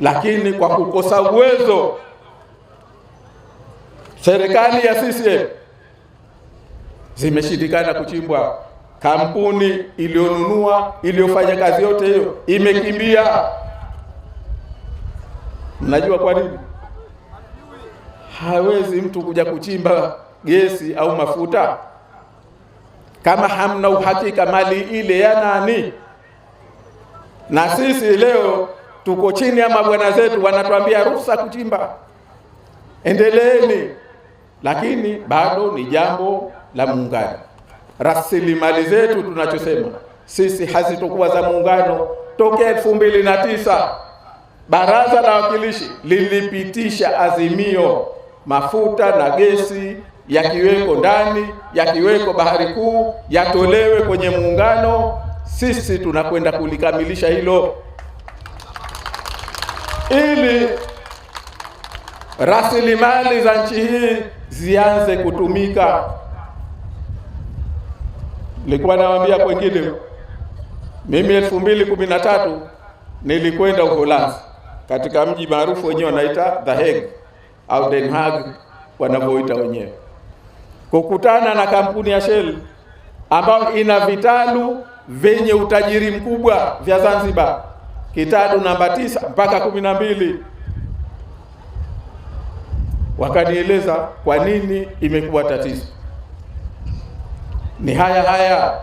lakini kwa kukosa uwezo, serikali ya CCM zimeshindikana kuchimbwa. Kampuni iliyonunua iliyofanya kazi yote hiyo imekimbia. Mnajua kwa nini? Hawezi mtu kuja kuchimba gesi au mafuta kama hamna uhakika mali ile ya nani. Na sisi leo tuko chini ya mabwana zetu, wanatuambia ruhusa kuchimba, endeleeni, lakini bado ni jambo la muungano. Rasilimali zetu tunachosema sisi hazitokuwa za muungano. Tokea elfu mbili na tisa baraza la wawakilishi lilipitisha azimio, mafuta na gesi yakiweko ndani, yakiweko bahari kuu, yatolewe kwenye muungano. Sisi tunakwenda kulikamilisha hilo ili rasilimali za nchi hii zianze kutumika. Nilikuwa nawaambia kwengine, mimi elfu mbili kumi na tatu nilikwenda Uholanzi katika mji maarufu wenyewe wanaita The Hague au Den Haag wanavyoita wenyewe, kukutana na kampuni ya Shell ambayo ina vitalu vyenye utajiri mkubwa vya Zanzibar kitadu namba tisa mpaka kumi na mbili wakanieleza kwa nini imekuwa tatizo. Ni haya haya,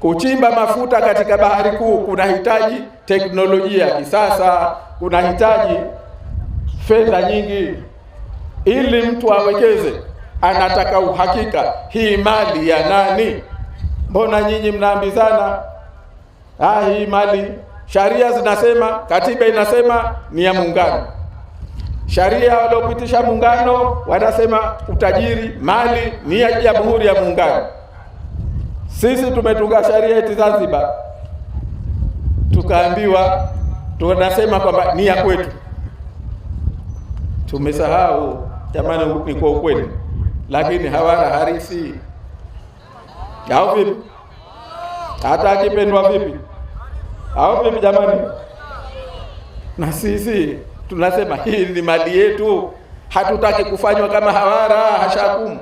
kuchimba mafuta katika bahari kuu kunahitaji teknolojia ya kisasa, kunahitaji fedha nyingi. Ili mtu awekeze, anataka uhakika, hii mali ya nani? Mbona nyinyi mnaambizana ah, hii mali sharia zinasema, katiba inasema ni ya muungano. Sharia waliopitisha muungano wanasema utajiri, mali ni ya Jamhuri ya Muungano. Sisi tumetunga sharia yetu Zanzibar, tukaambiwa tunasema kwamba ni ya kwetu. Tumesahau jamani, ni kwa ukweli, lakini hawana harisi au vipi? hata akipendwa vipi au vipi? Jamani, na sisi tunasema hii ni mali yetu, hatutaki kufanywa kama hawara hashakum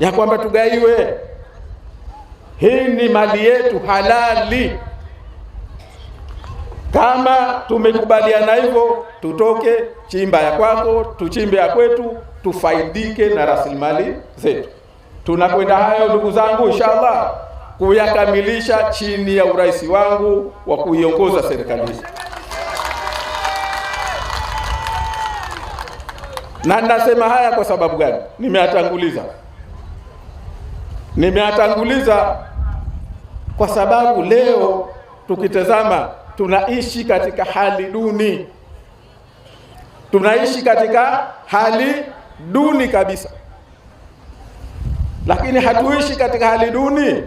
ya kwamba tugaiwe. Hii ni mali yetu halali. Kama tumekubaliana hivyo, tutoke chimba ya kwako, tuchimbe ya kwetu, tufaidike na rasilimali zetu. Tunakwenda hayo ndugu zangu, inshallah kuyakamilisha chini ya urais wangu wa kuiongoza serikali hii. Na nasema haya kwa sababu gani? Nimeyatanguliza, nimeyatanguliza kwa sababu leo tukitazama, tunaishi katika hali duni, tunaishi katika hali duni kabisa, lakini hatuishi katika hali duni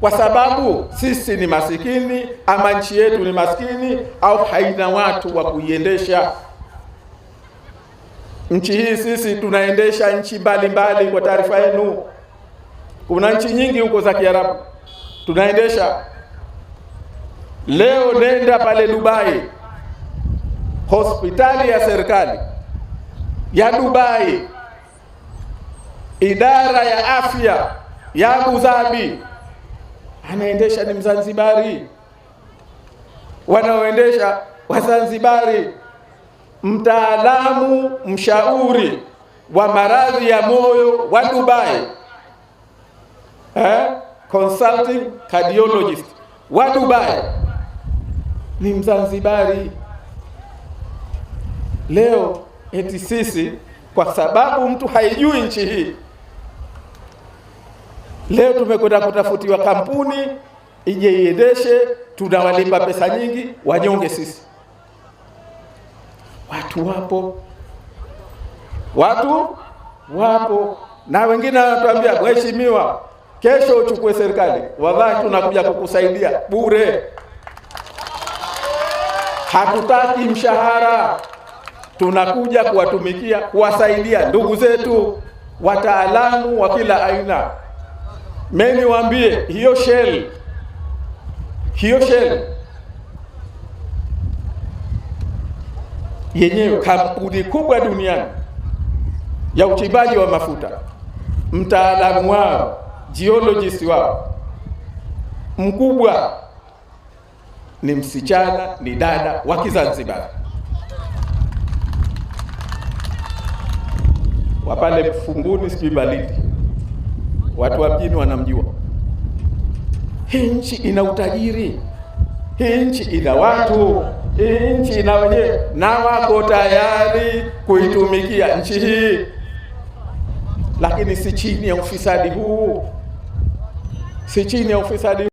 kwa sababu sisi ni masikini ama nchi yetu ni masikini au haina watu wa kuiendesha nchi hii. Sisi tunaendesha nchi mbalimbali. Kwa taarifa yenu, kuna nchi nyingi huko za Kiarabu tunaendesha. Leo nenda pale Dubai, hospitali ya serikali ya Dubai, idara ya afya ya Abu Dhabi anaendesha ni Mzanzibari, wanaoendesha Wazanzibari, mtaalamu mshauri wa maradhi ya moyo wa Dubai eh? consulting cardiologist wa Dubai ni Mzanzibari. Leo eti sisi kwa sababu mtu haijui nchi hii Leo tumekwenda kutafutiwa kampuni ije iendeshe, tunawalipa pesa nyingi, wanyonge sisi. Watu wapo, watu wapo, na wengine wanatuambia mheshimiwa, kesho uchukue serikali, wadhani tunakuja kukusaidia bure, hatutaki mshahara, tunakuja kuwatumikia, kuwasaidia ndugu zetu wataalamu wa kila aina meni niwaambie, hiyo shell hiyo shell yenyewe kampuni kubwa duniani ya uchimbaji wa mafuta, mtaalamu wao geologist wao mkubwa ni msichana, ni dada wa Kizanzibari wa pale Funguni, sijui Watu wa mjini wanamjua. Hii nchi ina utajiri, hii nchi ina watu, hii nchi ina wenyewe, na wako tayari kuitumikia nchi hii, lakini si chini ya ufisadi huu, si chini ya ufisadi huu.